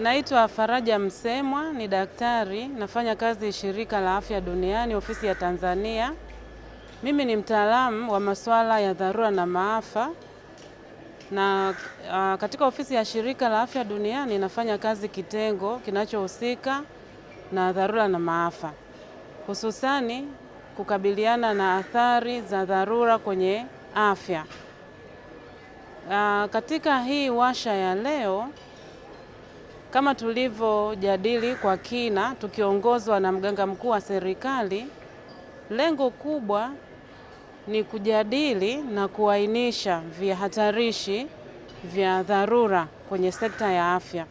Naitwa Faraja Msemwa, ni daktari, nafanya kazi shirika la afya duniani ofisi ya Tanzania. Mimi ni mtaalamu wa masuala ya dharura na maafa, na a, katika ofisi ya shirika la afya duniani nafanya kazi kitengo kinachohusika na dharura na maafa, hususani kukabiliana na athari za dharura kwenye afya. A, katika hii washa ya leo kama tulivyojadili kwa kina tukiongozwa na mganga mkuu wa serikali, lengo kubwa ni kujadili na kuainisha vihatarishi vya dharura kwenye sekta ya afya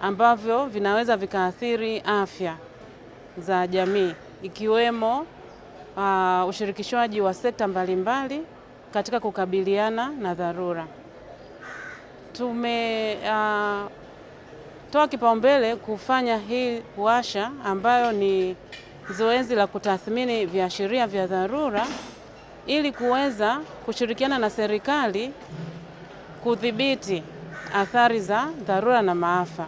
ambavyo vinaweza vikaathiri afya za jamii ikiwemo uh, ushirikishwaji wa sekta mbalimbali katika kukabiliana na dharura. Tume uh, tumetoa kipaumbele kufanya hii washa ambayo ni zoezi la kutathmini viashiria vya dharura ili kuweza kushirikiana na serikali kudhibiti athari za dharura na maafa.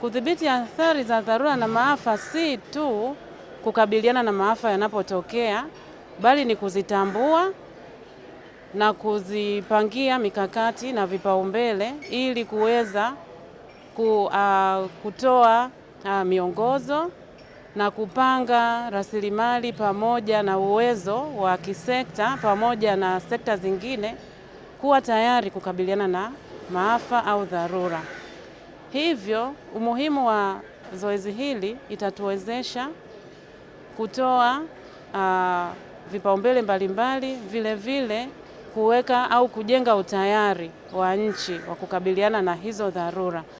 Kudhibiti athari za dharura na maafa si tu kukabiliana na maafa yanapotokea, bali ni kuzitambua na kuzipangia mikakati na vipaumbele ili kuweza ku, uh, kutoa uh, miongozo na kupanga rasilimali pamoja na uwezo wa kisekta pamoja na sekta zingine kuwa tayari kukabiliana na maafa au dharura. Hivyo umuhimu wa zoezi hili itatuwezesha kutoa uh, vipaumbele mbalimbali, vile vile kuweka au kujenga utayari wa nchi wa kukabiliana na hizo dharura.